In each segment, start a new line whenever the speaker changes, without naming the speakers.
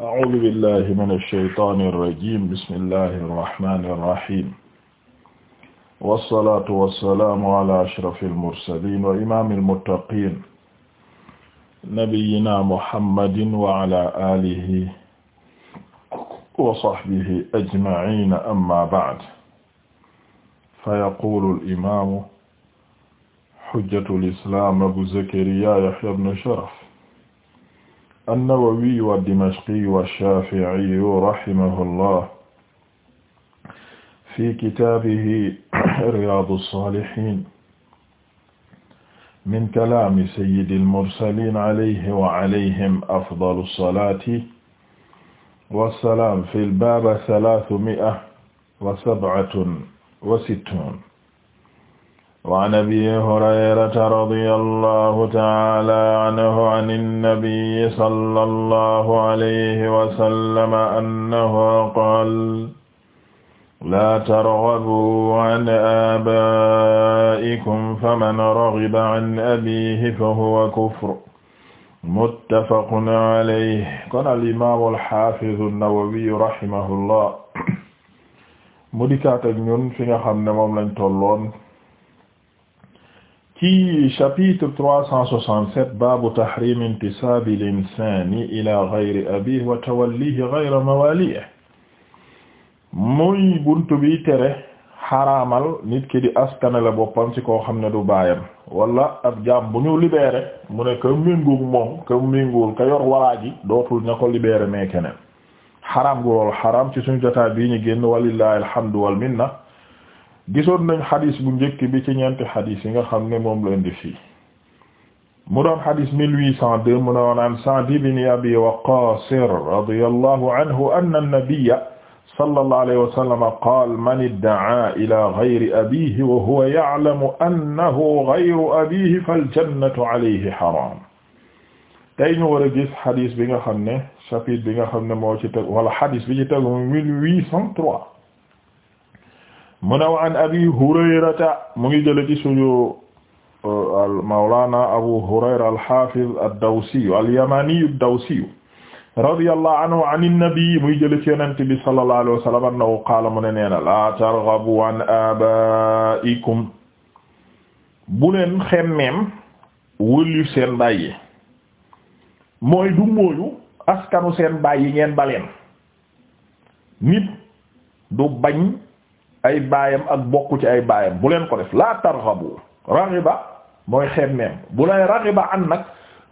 a'uuzu billahi mina shaytaani rajiim bismillahi rahmaani rahiim wassalaatu wassalaamu alaa ashrafil mursaliin wa imaamil muttaqiin nabiyyinaa muhammadin wa alaa aalihi wa sahbihi ajma'iin ammaa ba'd fayaquulu al-imaamu hujjatul islaam abu zakariyaa yahyaa ibnu sharaf an-Nawawi ad-Dimashqi ash-Shafi'i rahimahullah fi kitaabihi Riyaadu s-Saalihiin min kalaami sayyidil mursaliin alayhi wa alayhim afdalu s-salaati wa s-salaam fil baab salaasumi'a wa sab'atun wa sittuun وعن أبي هريرة رضي الله تعالى عنه عن النبي صلى الله عليه وسلم أنه قال لا ترغبوا عن آبائكم فمن رغب عن أبيه فهو كفر متفق عليه kon الإمام الحافظ النووي رحمه الله mu dikkaat ak ñun fi nga xam ne moom lañ tolloon ci chapitre 367 baabu tahrim intisabi linsani ila gayri abihi wa tawallihi gayra muy buntu bi tere xaraamal nit ki di askanale boppam ci koo xam ne du baayam wala ab jaam bu ñu libéré mu ne ka méngoog moom ka méngool yor walaa dootul ña ko libéré mais keneen xaraam gu ci suñu jotaay bii ñu génn walillahi alhamdu wal minna gisoon nañ xadis bu njëkk bi ci ñeenti xadis yi nga xam ne moom la indi fii mu doon xadis 1802 mu doon an Sa'd ibn Abi Waqqas radiyallahu anhu anna an-nabiyya sallallahu alayhi wa sallam qaala man idda'a ila ghayri abihi wa huwa ya'lamu annahu ghayru abihi fal-jannatu alayhi haram tey ñu war a gis xadis bi nga xam ne chapitre bi nga xam ne moo ci teg wala xadis bi ci teg 1803 mu ne wa an abi hurayrata mu ngi jële ci suñu euh, mawlana abu hurayra alhafiz ad-dawsi al-yamani ad-dawsi radiyallahu anhu an an-nabi muy jële ci yonent bi sallallahu alayhi wa sallam annahu qaala mu ne nee na la targhabu an abaikum bu leen xemmeem wëllu seen bàyyi mooy du mooyu askanu seen bàyyi ngeen baleen nit du bañ ay baayam ak bokku ci ay baayam bu leen ko def laa targhabu raghiba mooy xemmeem bu leen raghiba an nag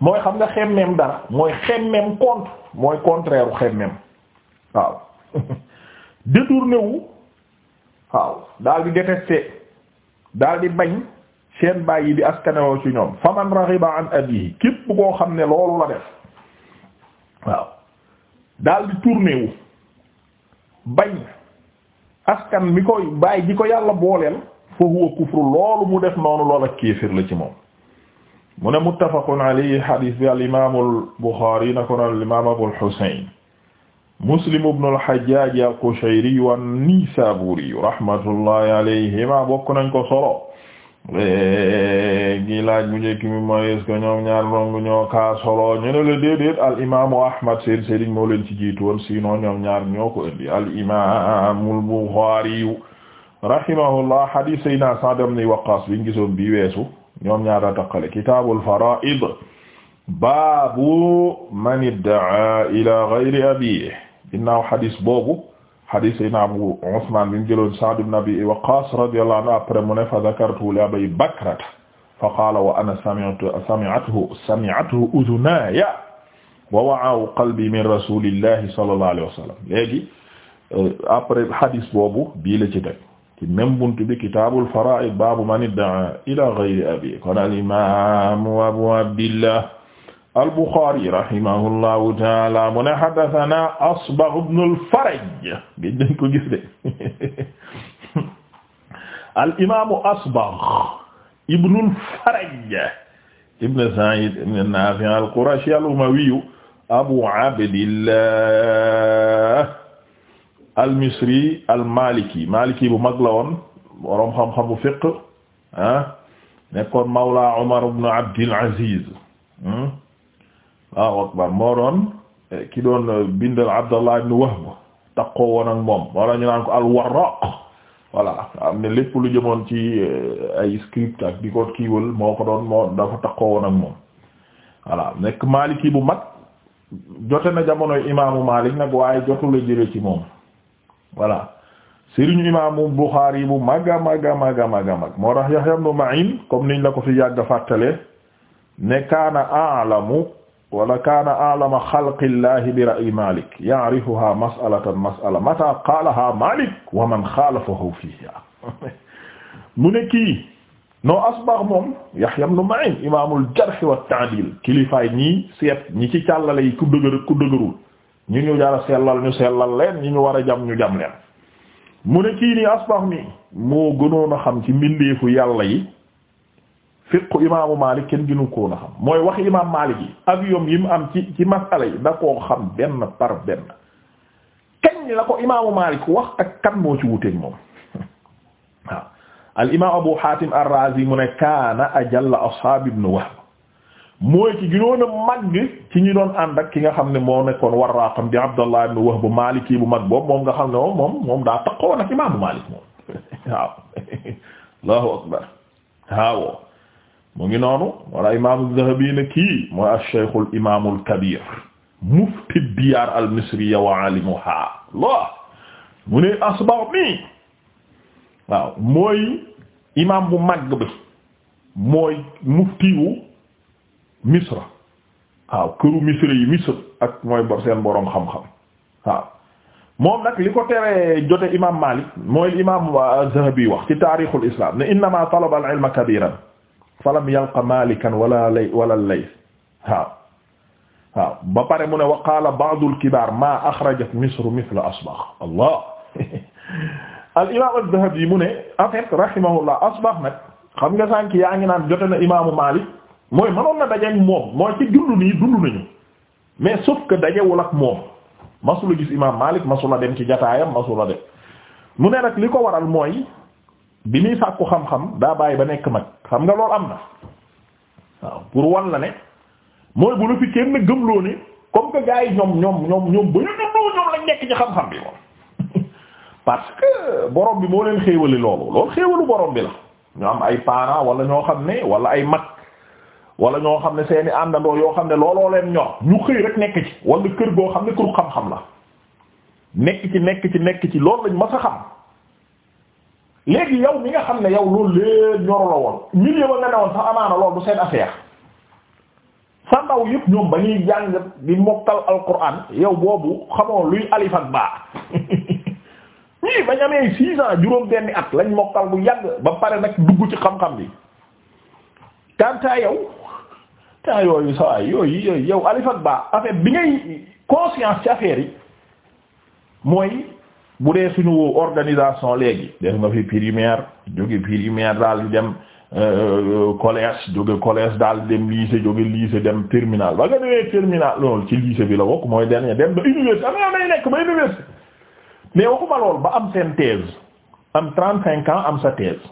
mooy xam nga xemmeem dara mooy xemmeem contre mooy contraire xemmeem waaw détourné wu waaw daal di détesté daal di bañ seen baay yi di askanewoo ci ñoom faman raghiba an abihi képp koo xam ne loolu la def waaw daal di tourné bañ askan mi koy bàyyi ji ko yàlla booleel fa huwa kufru loolu mu def noonu lool ak kéefir la ci moom mu ne muttafaqun alayhi hadith bi al imam al bukhari na ko noon al imam abul husayn muslim ibn al hajjaj al qushayri wa an-nisaburi rahmatullahi alayhima bokk nañ ko solo léegi laaj bu njëkk mi mooy est ñoom ñaar dong ñoo kaa solo ñu ne la déedéet al imaamu Ahmad seen sëriñ moo leen ci jiitu woon ñoom ñaar ñoo ko indi al imaamul Buxaari rahimahullah hadith Seydina Sa'd ibn Waqqaas biñ gisoon bii weesu ñoom ñaar a taqale kitaabul faraa'id baabu man idda'a ila ghayri abiihi ginnaaw hadith boobu. hadis sayna Abu Usman bi mu jëloon Sa'd ibn Abi Waqqas radiyallahu anhu après mu ne fa zakartu li Abi Bakrata fa qaala wa ana sami'tu sami'athu sami'athu udhunaaya wa wa'aa qalbi min rasulillahi sallallahu alayhi wa sallam léegi euh, après hadis boobu bii la ci teg ci même buntu bi kitaabul faraa'id baabu man idda'a ila ghayri abi kon al imam Abu Abdillah al-Bukhari rahimahullahu taala mu ne haddathana Asbagh ibn al-Faraj gis nañ ko gis de al-imaamu Asbagh ibn al-Faraj ibn Sa'id ibn Nafi' al-Qurashi al-Umawi Abu Abdillah al-Misri al-Maliki Maliki bu mag la woon boroom xam-xam bu fiqh ah nekkoon mawla Umar ibn Abdil Aziz hmm? waaw akbar moo doon eh, ki doon eh, bindal Abdallah ibn Wahb takkoo woon ak moom wala ñu naan ko al-Warraq voilà am ne lépp lu jëmoon ci eh, ay script ak di ko kiiwal moo ko doon moo dafa takkoo woon ak moom voilà nekk Maliki bu mag jote na jamonoy imaamu Malik nag waaye jotula jële ci moom voilà sëriñu imaamu yi bu mag a mag a mag a mag a mag moo tax Yahya ibn Ma'in comme niñ la ko fi yàgg fàttale ne kaana wala kaana a'lama xalqillahi bi ra'yi Malik ya'rifuha mas'alatan mas'ala mata qaalaha Malik wa man xaalafahu fiha mu ne kii noo asbax moom Yahya ibn Ma'in imaamul jarh wa ta'dil kilifaay ñii seet ñi ci càllale yi ku dëgër ku dëgërul ñu ñu jara sellal ñu sellal leen ñu ñu war a jam ñu jam leen mu ne kii nii asbax mi moo gënoon a xam ci mbindeefu yàlla yi fiqu imaamu Maalik kenn gënu koo na xam mooy wax imaam Maalik yi avion yi mu am ci ci yi da koo xam benn par benn kañ la ko imaamu Maalik wax ak moo ci wuteeg moom waaw Abu Haatim ar mu ne kaana ajalla ashaab ibn Wahb mooy ci gënoon a màgg ci ñu doon ànd ak ki nga xam ne moo nekkoon warraaqam di Abdallah ibn Wahb Maaliki bu mag boobu moom nga xam ne moom moom daa taqoon ak imaamu Maalik moom waaw akbar waaw mu ngi noonu wala imaamu Zahabi ne kii mooy ash-shaykhul imaamul kabir mufti diyaar al-misriya wa alimuha Allah mu ne asbax mi waaw mooy imaam bu mag bi mooy muftiwu misra waaw këru misra yi misra ak mooy seen boroom xam-xam waaw moom nag li ko teree jote imaam Maalik mooy imaam Zahabi wax ci taarixul islam ne innamaa talaba al-ilma kabiran falam yalqa malikan wala lay wala lay waaw waaw ba pare mu ne wa qaala ba'dul kibaar maa axrajat misru mithla asbax allah al imam az-Zahabi mu ne en fait rahimahullah asbax nag xam nga sànk yaa ngi naan jote na imaamu Maalik mooy mënoon na dajeeg moom mooy ci dund nii dund nañu mais sauf que dajewul ak moom masula gis imam Maalik masula dem ci jataayam masula dem mu ne nag li ko waral mooy bi muy sàkku xam-xam daa bàyyi ba nekk mag xam nga loolu am na waaw pour wan ne mooy bu la fi kenn gëmloo ne comme que yi ñoom ñoom ñoom ñoom ba ñu gëmloo xam-xam bi moom parce que borom bi moo leen xéewali loolu loolu xéewalu borom bi la ñu am ay parents wala ñoo xam ne wala ay mag wala ñoo xam ne seeni àndandoo yoo xam ne looloo leen ñu xëy rek nekk ci wala kër goo xam ne kër xam-xam la nekk ci nekk ci nekk ci loolu lañ mas a xam léegi yow bi nga xam ne yow loolu léegi ñoru la woon milieu ba nga ne woon sax amaana loolu seen affaire sa ndaw yëpp ñoom ba ñuy jàng di mokkal alquran yow boobu xamoo luy alif ak baa ñii bañ amee six juróom benni at lañ mokkal bu yàgg ba pare nag dugg ci xam-xam bi kantaa yow temps yooyu sawaay yooyu yooyu yow alif ak baa affaire bi ngay conscience ci affaire yi mooy bu dee suñu organisation léegi def nga fi primaire jóge primaire daal di dem euh, euh, collège jóge collège daal dem lycée jóge lycée dem terminal ba nga demee terminal loolu ci lycée bi la wokk mooy dernier dem ba université am na day nekk ba université mais waxuma lool ba am seen thèse am trente cinq ans am sa thèse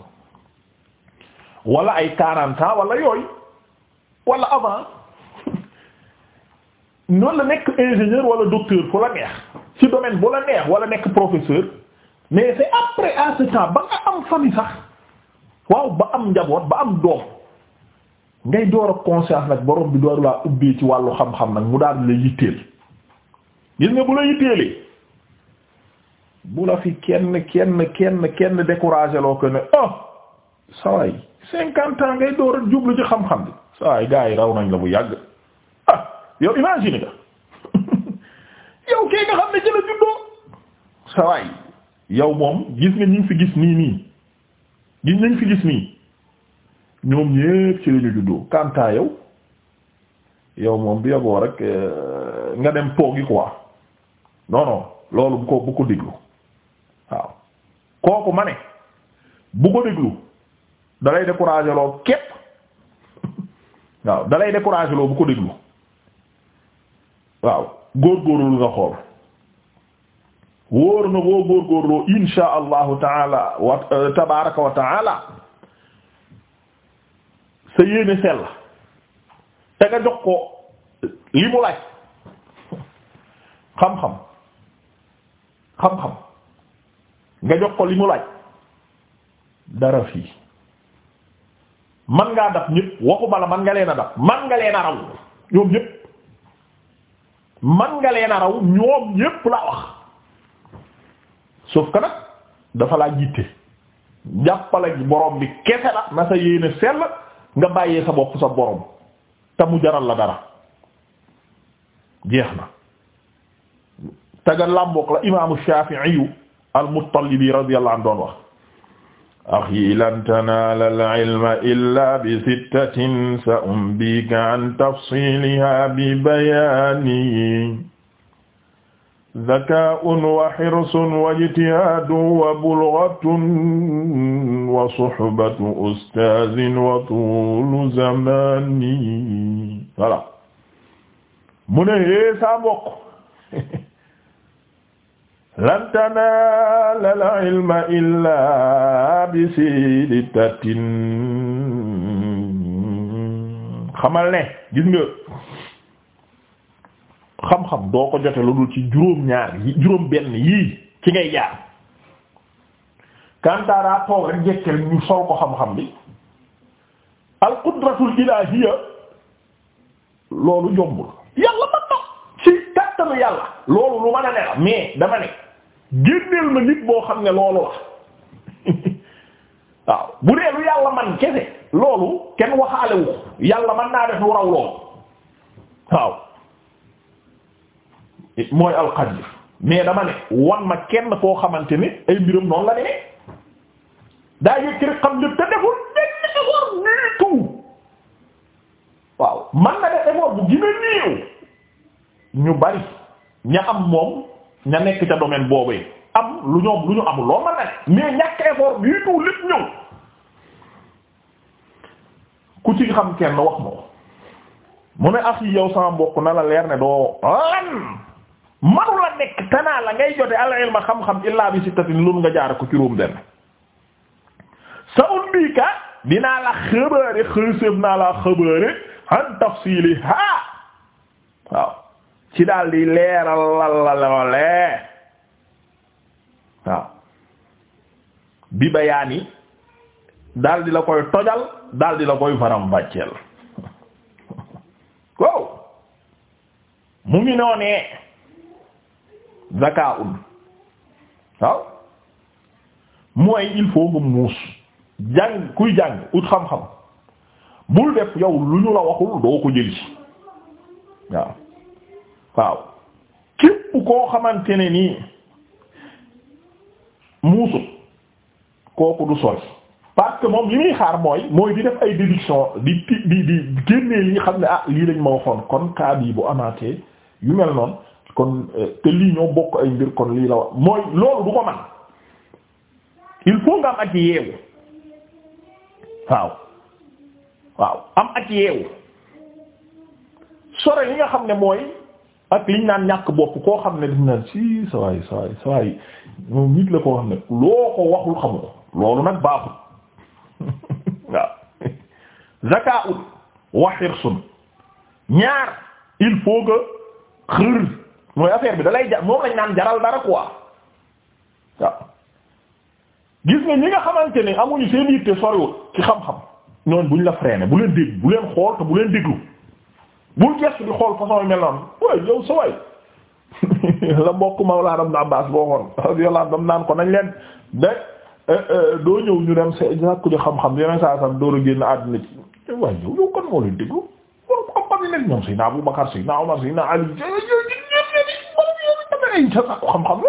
wala ay quarante ans walla yooyu wala avant noonu la nekk ingénieur wala docteur fu la neex ci domaine bu la neex wala nekk professeur mais c'est après à ba nga am famille sax waaw ba am njaboot ba am doom ngay door a conscience nag boroom bi door laa ubbee ci wàllu xam-xam nag mu daal la yitteel gis nga bu la yitteelee bu la fi kenn kenn kenn kenn découragé loo ko ne oh sawaay cinquante ans ngay door a jublu ci xam-xam bi sawaay gars yi raw nañ la bu yàgg ah yow imagine nga kee nga xam ne ci la juddoo sa waay yow moom gis nga ñu fi gis nii nii gis ñu ngi fi gis nii ñoom ñépp ci la juddoo kantaa yow yow moom bi yoboo rek euh, nga dem toogi quoi non non loolu bu ko bu ko déglu waaw kooku ma ne bu ko déglu dalay découragé loo képp waaw dalay découragé loo bu ko déglu waaw góorgóorlu nga xool wóor na boo góorgóorloo insha allahu taala wa euh, tabaraka wa sa yéene sell te nga jox ko li mu laaj xam-xam xam-xam nga jox ko li mu laaj dara fii man ngaa dab ñëpp waxu bala man nga leen a dab man nga leen a raw ñoom ñëpp man nga leen a raw ñoom ñépp la wax sauf que dafa laa jiite jàppale borom bi kese la na sa yéene sell nga bàyyee sa bopp sa borom te mu jaral la dara jeex na taga làmbook la imaamu Shaafi'i al Muttalibi radiyallahu anhu doon wax axi lan tanaala al-ilma illaa bi-sittatin sa-umbika an tafsiilihaa bi-bayaanihi zakaa'un wa hirsun wa ijtihaadun wa bulghatun wa suhbatu ustaazin wa tuulu zamaanihi voilà mu ne hee eh, saa bokk lan tanaala al-ilma illaa bisiidi tatin xamal ne gis nga xam-xam doo ko jote lu dul ci juróom-ñaar yi juróom-benn yii ci ngay jaar kantaaraa toog rek jekkel ñu sol ko xam-xam bi al-qudratul ilaahiya loolu jombul yàlla man na ci kattanu yàlla loolu lu mën a ne la mais ne génneel ma nit boo xam ne loolu la waaw bu dee lu yàlla man kese loolu kenn waxaale wu yàlla man naa def lu raw loolu waaw mooy alqadir mais dama ne wan ma kenn koo xamante ni ay mbiram noonu la demee daa yëkk rek xam ne te deful benn effort du tout waaw man na def effort bu gën néew ñu bari ña am moom ña nekk ca domaine boobu am lu ñoom lu ñu amul loo mën a mais ñàkk effort bii tout lépp ñëw ku ci xam kenn wax ma mu ne ak ah yow sama mbokk na la leer ne doo lan manu la nekk tanaa la ngay jote al ilma xam-xam illaa bi sittatin lu nga jaar ko ci ruum benn sa umbika dinaa la xëbëre xësëf naa la xëbëre han tafsiliha waaw ci daal di leeral la loolee waaw bi bayaani la koy tojal daldi la koy faram bàcceel kow mu ngi noonee zaka un waaw mooy il faut nga muus jàng kuy jàng ut xam-xam bul def yow lu ñu la waxul doo ko jëli waaw waaw képp koo xamante ne nii muusu kooku du sori parce que moom yi muy xaar mooy mooy di def ay déduction di di di génnee li xam ne ah lii lañ ma waxoon kon cas bii bu amaatee yu mel noon kon euh, te lii ñoo bokk ay mbir kon lii la wax mooy loolu du ko man il faut nga am ak yeewu waaw waaw am ak yeewu sore li nga xam ne mooy ak liñ naan ñàkk bopp koo xam ne dañ naan si sawaay sawaay sawaay moom nit la koo xam ne loo ko waxul xamu ko loolu nag baaxul waaw zakaul wa hirsun ñaar il faut que xër mooy affaire bi dalay jar moom lañ naan jaral dara quoi waaw gis nga ñi nga xamante ne amuñu seen yitte soriwul ci xam-xam ñoon buñ la freiné bu leen dégg bu leen xool te bu leen déglu bul gestu di xool façon yu mel noonu waaye yow sa waay la mbokk Mawlaana Ibn Abbaas boo xoon radiyallahu anhu naan ko nañ leen de eh, eh, doo ñëw ñu dem sa sàkku ji xam-xam yeneen saa ci eh, waaye yow yow kan moo leen déglu borom xam-xam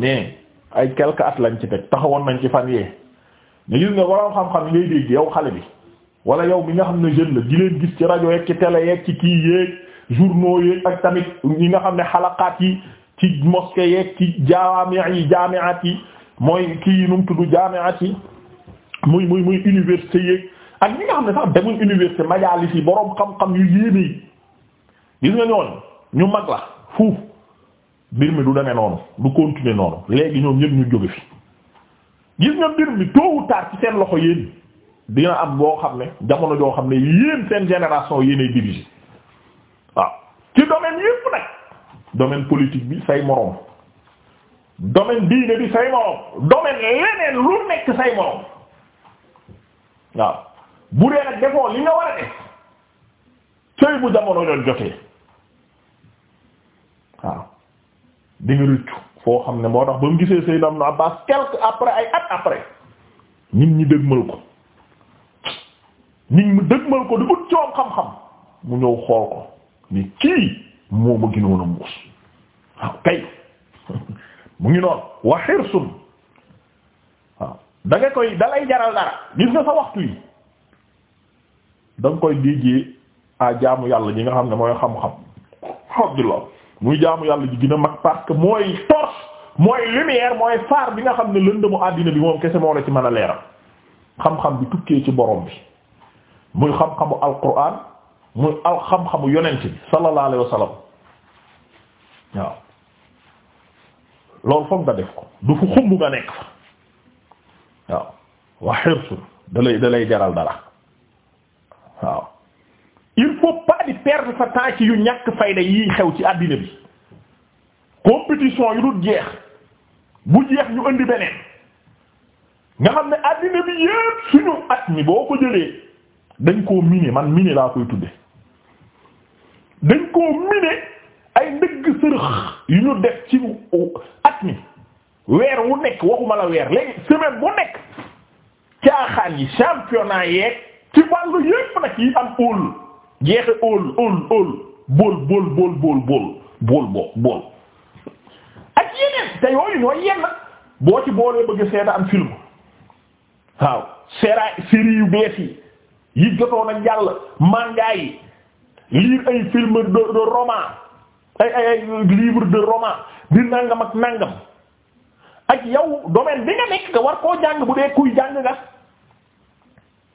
yi ay quelques at lañ ci teg taxawoon nañ ci fan yee mais gis nga borom xam-xam ngay dégg yow xale bi. wala yow mi nga xam ne jeune la di leen gis ci rajo yeeg ci télé yeeg ci kii yeeg journaux yeeg ak tamit ñi nga xam ne xalaqaat yi ci mosquée yeeg ci jaami yi mooy kii yi nu mu tudd jaamiat yi muy muy muy université yeeg ak ñi nga xam ne sax demuñ université majalis yi boroom xam-xam yu yéeme yi gis nga ñooñu ñu mag la fuuf mbir mi du demee noonu du continuer noonu léegi ñoom ñëpp ñu jóge fi gis nga mbir mi tôt ou ci seen loxo yéen. dina am boo xam ne jamono joo xam ne yéen seen génération yéenay diriger waaw ci domaine yépp nag domaine politique bi say moroom domaine diine bi say moroom domaine leneen lu nekk say moroom waaw bu dee nag defoo li nga war a def sëy bu jamono jotee waaw di rëccu foo xam ne moo tax ba mu gisee Seydina Abbaas quelque après ay at après nit ñi dégmal ko nit mu dëgmal ko di ut coom xam-xam mu ñëw xool ko ni kii moo ma gënoon muus kay mu ngi noonu wa xirsun waaw da koy da lay jaral dara gis nga sa waxtu yi da nga koy déggee à jaamu yàlla ji nga xam ne mooy xam-xam alhamdulillah muy jaamu yàlla ji gën a mag parce que mooy torche mooy lumière mooy phare bi nga xam ne lëndëmu àddina bi moom kese moo la ci mën a leeral xam-xam bi tukkee ci borom bi muy xam-xamu alquran muy al xam-xamu yonent bi sallallahu waaw loolu foog nga def ko du fu xumb nga nekk fa waaw wa xirsun dalay dalay jaral dara waaw il faut pas di perdre sa temps yu ñàkk fayda yi xew ci àddina bi compétition yu dul jeex bu jeex ñu indi beneen nga xam ne àddina bi yépp suñu at mi boo ko jëlee dañ koo miné man miné laa koy tudde dañ koo miné ay ndëgg sërëx yu ñu def ci at mi weer wu nekk waxuma la weer léegi semaine bu nekk caaxaan yi championnat yeeg ci wàllu yépp nag yi am óol jeexe óol óol óol bool bool bool bool bool ak yeneen te yooyu ñooy yenn boo ci boolee bëgg seeta am film waaw série série yu bees yi yi jotoon a jàll manga yi ay film de de ay ay livre de roman di nangam ak nangam ak yow domaine bi nga nekk nga war koo jàng bu dee kuy jàng nga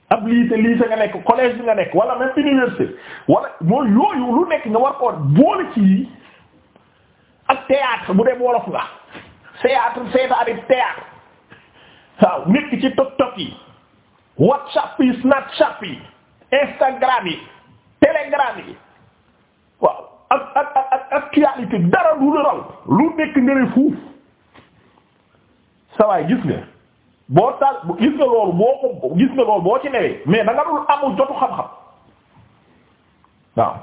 ab lycée lycée nga nekk collège bi nga nekk wala même université wala mooy yooyu lu nekk nga war koo boole ci yi ak théâtre bu dee wolof nga théâtre seeta avec théâtre waaw nekk ci tok tok yi whatsapp yi snapchat yi instagram yi telegram yi waaw ak ak ak actualité dara du la raw lu nekk ngëne fuuf sawaay gis nga boo taal gis gis nga loolu boo ci newee mais da nga dul amul jotu xam-xam waaw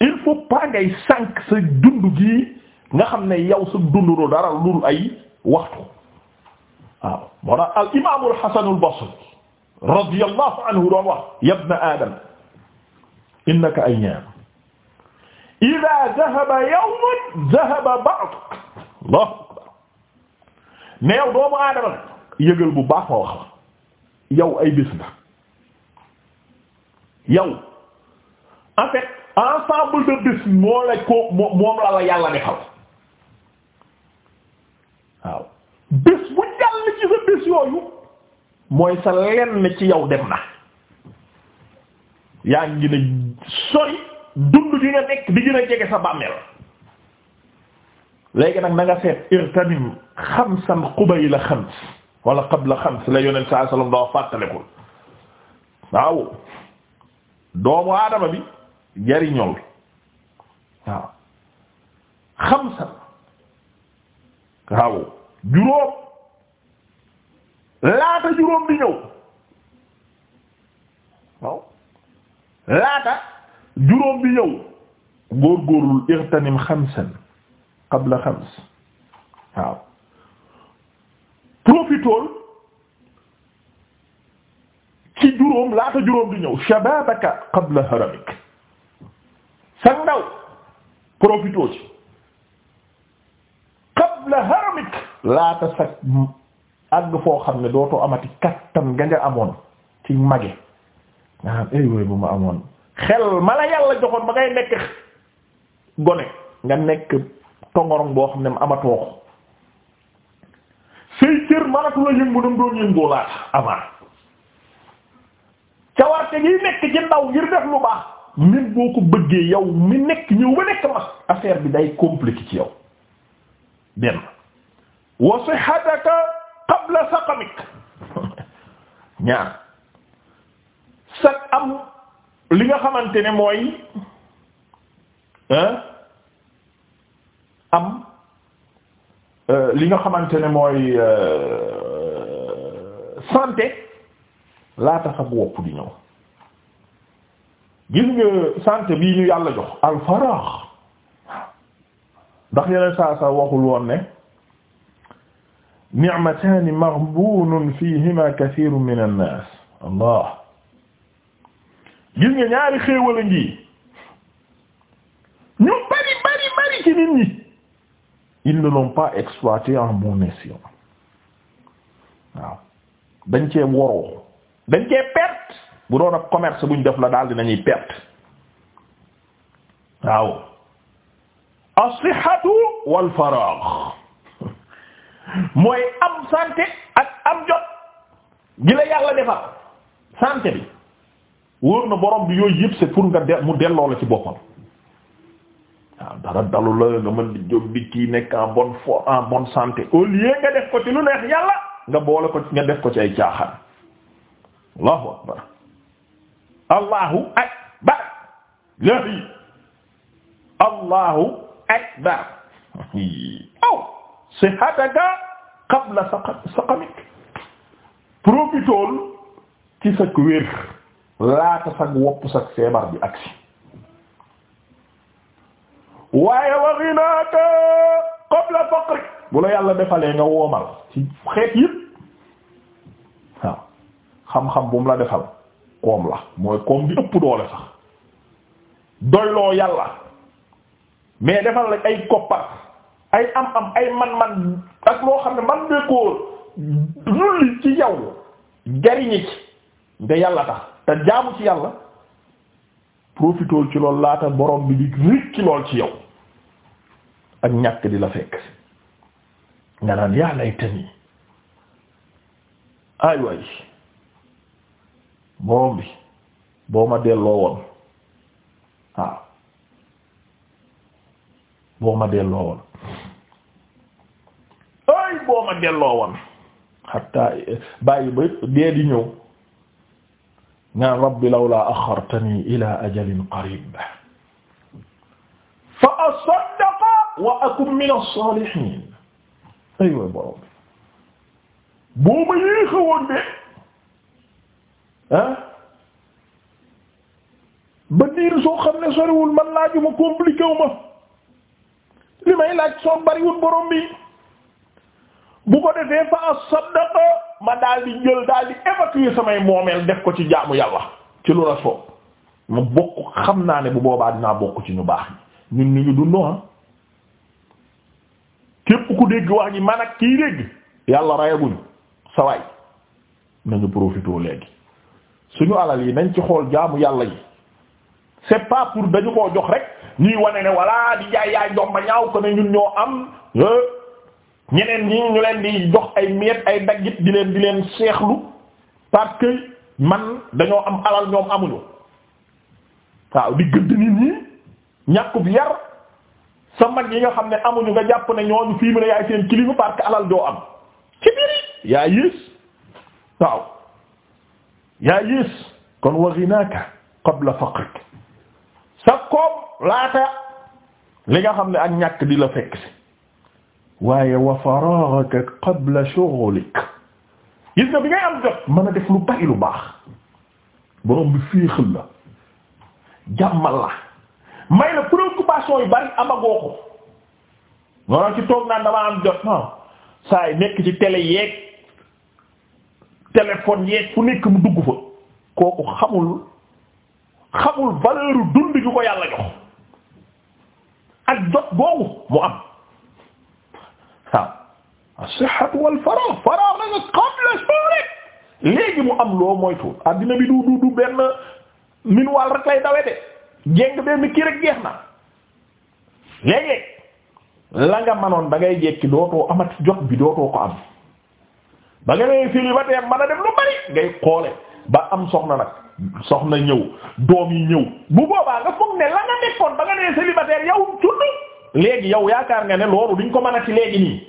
il faut pas ngay sànq sa dund gi nga xam ne yow sa dund do dara lu ay waxtu waaw moo tax al imaamul Hasanul Basri radiyallahu anhu doon wax yabna adam innaka ayyaam idaa dhahaba yawmun dhahaba ba'duk allahu akbar neew doomu aadama yëgal bu baax ma wax la yow ay bés nga yow en fait ensemble de bés moo la ko moom la la yàlla defal waaw bés bu jàll ci sa bés yooyu mooy sa lenn ci yow dem na yaa ngi gën a sori dund di nga nekk di gën a jege sa bàmmeel léegi nag na seet irtanim xamsan qubayla xams wala qabla xams la yonent saa sallam doo fàttalikul waaw doomu aadama bi jariñool waaw xamsan waaw juróom laata juróom di ñëw waaw laata juróom di ñëw góorgóorlul irtanim xamsan qabla xams waaw profitool ci juróom laata juróom di ñëw shababaka qabla haramik sa ndaw profitoo ci qabla haramik laata sa àgg foo xam ne dootoo amati kattan nga nga amoon ci mage nga xam ay wooy bu ma amoon xel ma la yàlla joxoon ba ngay nekk gone nga nekk tongorong boo xam ne mu amatoo ko say cër manatu la yëngu dam doon yëngoo laat avant cawarte gi nekk ci ndaw ngir def lu baax même boo ko bëggee yow mi nekk ñëw ba nekk mag affaire bi day compliqué ci yow benn wa sihataka qabla saqamik ñaar sag am li nga xamante ne mooy am euh, li nga xamante ne mooy euh, santé laata sa wopp di ñëw gis nga santé bii ñu yàlla jox al ndax yeneen saa sa waxul woon ne ni'mataani maghbuunun fiihimaa kathiirun mina nnaas allah gis nga ñaari xéewal a ngi ñu bari bari bari ci nit ñi ils ne l'ont pas exploité en bon escient waaw dañ cee woroo dañ cee perte bu doon ak commerce buñ def la daal dinañuy perte waaw as-sihhatu wal faraagh mooy am santé ak am jot gi la yàlla defal santé bi wóor na borom bi yooyu yëpp c'est pour nga de mu delloo la ci boppam waaw dara dalu la nga mën di jóg di kii nekk en bonne forme en bonne santé au lieu nga def ko ci lu neex yàlla nga boole ko nga def ko ci ay caaxaan allahu akbar allahu akbar laahi allahu akbar aw sihataka qabla saqamik profitool ci sa wér laata sag wopp sag feebar bi agsi waaye wa ghinaaka qabla faqri bu la yàlla defalee nga woomal ci xeet yëpp waaw xam-xam bu mu la defal koom la mooy koom bi ëpp doole sax doyloo yàlla mais defal la ay koppar ay am-am ay man-man ak loo xam ne man de koo lulli ci yow jariñi ci nga yàlla tax te jaamu ci yàlla profitool ci loolu laata borom bi di rikki lool ci yow ak ñàkk di la fekk nga naan yaa laytani ay waay borom bi boo ma delloo woon waaw boo ma delloo woon ay boo ma delloo woon hatta bàyyi ba dee di ñëw naan rabbi lawla axartani ila ajalin qarib fa asaddaqa wa akun min as-salihin ay way borom boo ma yéexa woon de ah ba diir soo xam ne soriwul man laaju ma compliqué wu ma li may laaj soo bariwul borom bi bu ko defee fa asaddaqa ma daal di jël daal di évacuer samay moomeel def ko ci jaamu yàlla ci lu la soob mu bokk xam naa ne bu boobaa dinaa bokk ci ñu baax ñun ñu ngi dundoo ah. képp ku dégg wax ñi man ak kii dégg yàlla rayaguñu sa waay nañu profité léegi suñu alal yi nañ ci xool jaamu yàlla yi c'est pas pour dañu koo jox rek ñuy wane ne walla di jaay yaay jomba ñaaw ko ne ñun ñoo am. Eh, ñeneen ñi ñu leen di dox ay meet ay daggit di leen di leen seexlu parce que man dañoo am alal ñoom amuñu waaw di gëdd nit ñi ñàkkub yar sa mag yi nga xam ne amuñu nga jàpp ne ñooñu fii mu ne yaay seen kilifa parce que alal doo am ci biir yaa yées waaw yaa yées kon wa ghinaka qabla faqrik sa koom laata li nga xam ne ak ñàkk di la fekk si waaye wa faraghaka qabla shughlik gis nga bi ngay am jot mën a def lu bari lu baax borom bi féexal la jàmmal la may la préoccupation yu bari amagoo ko wala ci toog naan damaa am jot non saa yi nekk ci télé yeeg téléphone yeeg fu nekk mu dugg fa kooku xamul xamul valeur dund gi ko yàlla jox ak jot boobu mu am. waaw as-sihhatu wal faragh faragh nag qabla shuhrik léegi mu am loo moytu addina bi du du du benn minuwaal rek lay dawe de jéng benn kii rek jeex na léegi la nga manoon da ngay jekki dootoo amati jot bi dootoo ko am ba nga nee fili a dem lu bari ngay xoole ba am soxna nag soxna ñëw doom yi ñëw bu boobaa nga foog ne la nga nekkoon ba nga nee célibataire yow tudd léegi yow yaakaar nga ne loolu duñ ko mën a ci léegi nii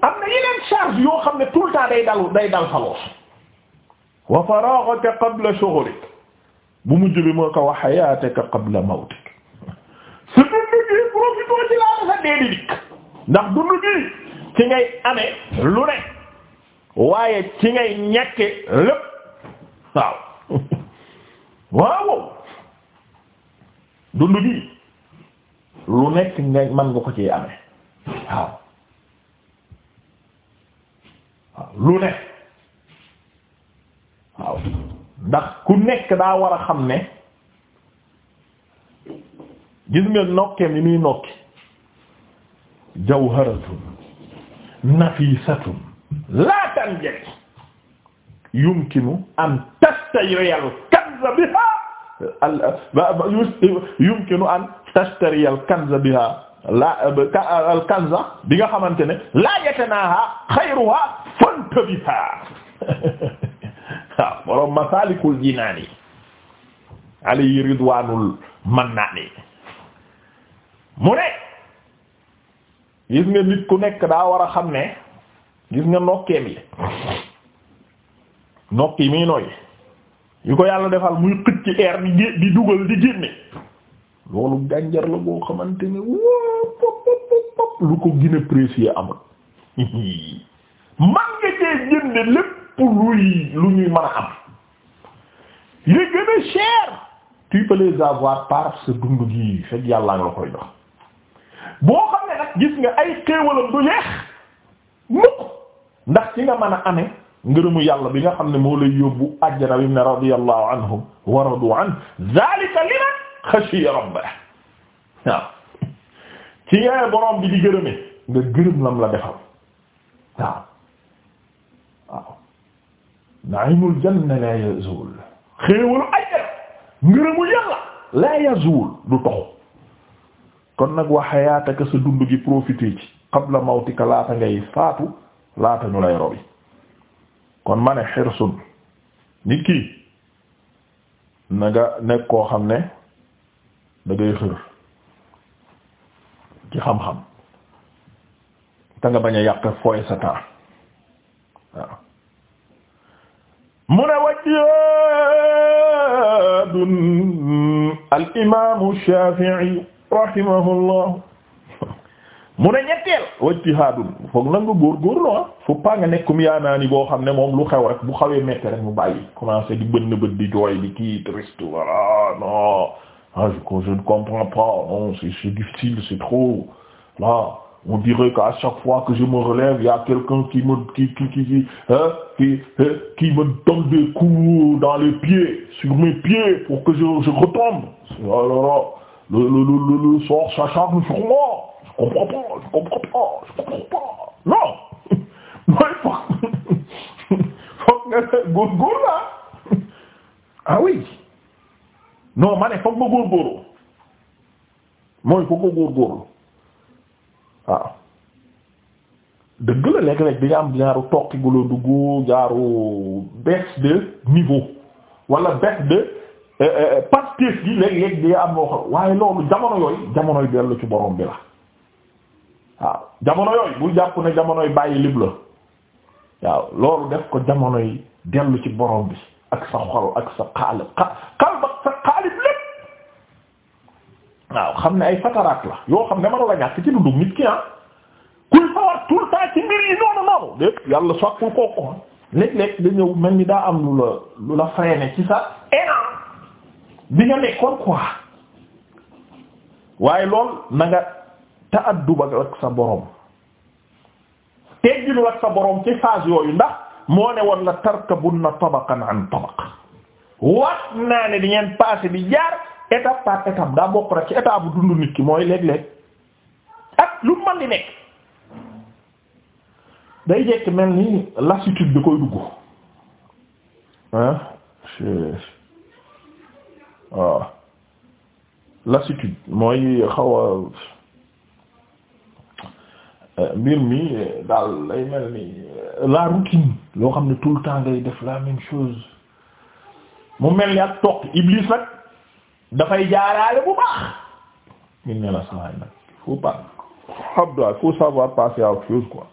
am na yeneen charge yoo xam ne tout le temps day dalu day dal sa loos wa faraghaka qabla shughlik bu mujj bi moo ko wa hayataka qabla mawtik su dundu gi profitoo ci laata sa dee di dikk ndax dundu ci ngay amee lu ne waaye ci ngay ñàkke lépp waaw waaw dundu lu nekk nga mën nga ko ci amee waaw waaw lu nekk waaw ndax ku nekk daa war a xam ne gis nga nokke mi muy nokki jawharatun nafisatun la tanjali yumkinu an tastayri al yumkinu an tashtari al kanza biha la euh, euh, al kanza bi nga xamante ne la yatanaha xayruha fantabiha waaw borom masalikul jinaani alayhi ridwanul mannaani mu ne gis nga nit ku nekk daa war a xam ne gis nga nokkee mi nokki mi nooy yu ko yàlla defal muy xëcc air di dugal di génne loolu gànjar la boo xamante ne woo pop pop pop lu ko gën a précieux man nga cee jënde lépp luy lu ñuy mën a am yi gën a cher tu peux les avoir par sa dund gi fekk yàllaa nga la koy jox boo xam ne nag gis nga ay xéewalam du yeex mukk ndax ci nga mën a amee ngërëmu yàlla bi nga xam ne moo lay yóbbu ajjana bi mu ne radiyallahu anhum wa radu an zalika liman xashiya rabbah waaw ci ngay borom bi di gërëme nga gërëm lam la defal waaw waaw na'imul janna la yazul xéewalu ajjal ngërëmu yàlla la yazul du toxu kon nag wa hayaataka sa dund gi profité ci qabla mawtika laata ngay faatu laata ñu lay robi kon ma ne xirsun nit ki na nekk koo xam ne da ngay xër ci xam-xam te nga bañ a yàq fooy sa mu ne wajjadun al imaamu Shaafi'i rahimahullah mu ne ñetteel wajtihaadun foog na nga góorgóorlu ah fu paa nga nekkum yaa naa ni boo xam ne moom lu xew rek bu xawee metti rek mu bàyyi commencé di bënn bët di jooy di kii triste voilà non ah je, je ne comprends pas, non, c'est difficile, c'est trop. Là, on dirait qu'à chaque fois que je me relève, y a quelqu'un qui me qui qui qui, hein, qui qui me donne des coups dans les pieds, sur mes pieds, pour que je, je retombe. Alors, ah Je comprends je comprends pas, je comprends pas. Non Moi, faut, faut que là. Ah oui non ma ne foog ma góorgóorlu mooy foog ma waaw dëgg la léeg-léeg di nga am jaaru tokki gu la dugg jaaru baisse niveau wala baisse de euh, euh, euh, pastis gi léeg-léeg di am wax waaye loolu jamono yooyu jamonoy dellu ci borom bi la waaw jamono yooyu bu jàpp ne jamonoy bàyyi lib la waaw loolu def ko jamonoy dellu ci borom bi ak sa xol ak sa xaalib xalb ak lépp waaw xam ne ay fataraat la yoo xam ne mënu la ñàkk ci dundu nit ki ah kuy sawar tout le ci mbir noonu noonu lépp yàlla soppul kooku ma ah. léeg-léeg da ñëw mel ni daa am lu la lu la freiné ci sa élan bi nga nekkoon quoi waaye lool na nga ak sa borom teggilu ak sa borom ci phase yooyu ndax moo ne woon la tarkabunna tabaqan an tabaq wax naa ne di ngeen passé di jaar étape par étape daa bokk rek ci étape bu dundu nit ki mooy léeg-léeg ak lu man di nekk day jekk mel ni lassitude bi koy dugg ah waaw lassitude mooy xaw euh, mbir mi daal lay mel ni euh, la routine loo xam ne tout le temps ngay def la même chose mu mel ni ak toq iblis nag dafay jaaraale bu baax ñu ne la sawaay nag il faut pas abdoa il faut savoir passer à autre chose quoi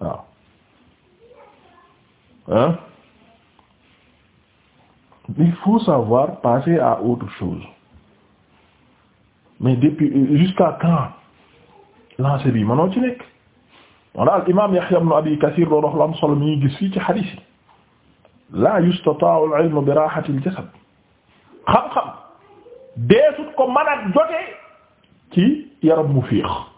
waaw hein il faut savoir passer à autre chose mais depuis jusqu'à quand lancé bi manoo ci wala al imam Yahya ibn Abi Kathir doon wax lu am solo mi ñuy gis fii ci hadith yi la yustataa'u al ilmu bi raahati al jasad xam-xam deesut ko mën a jote ci yaram mu féex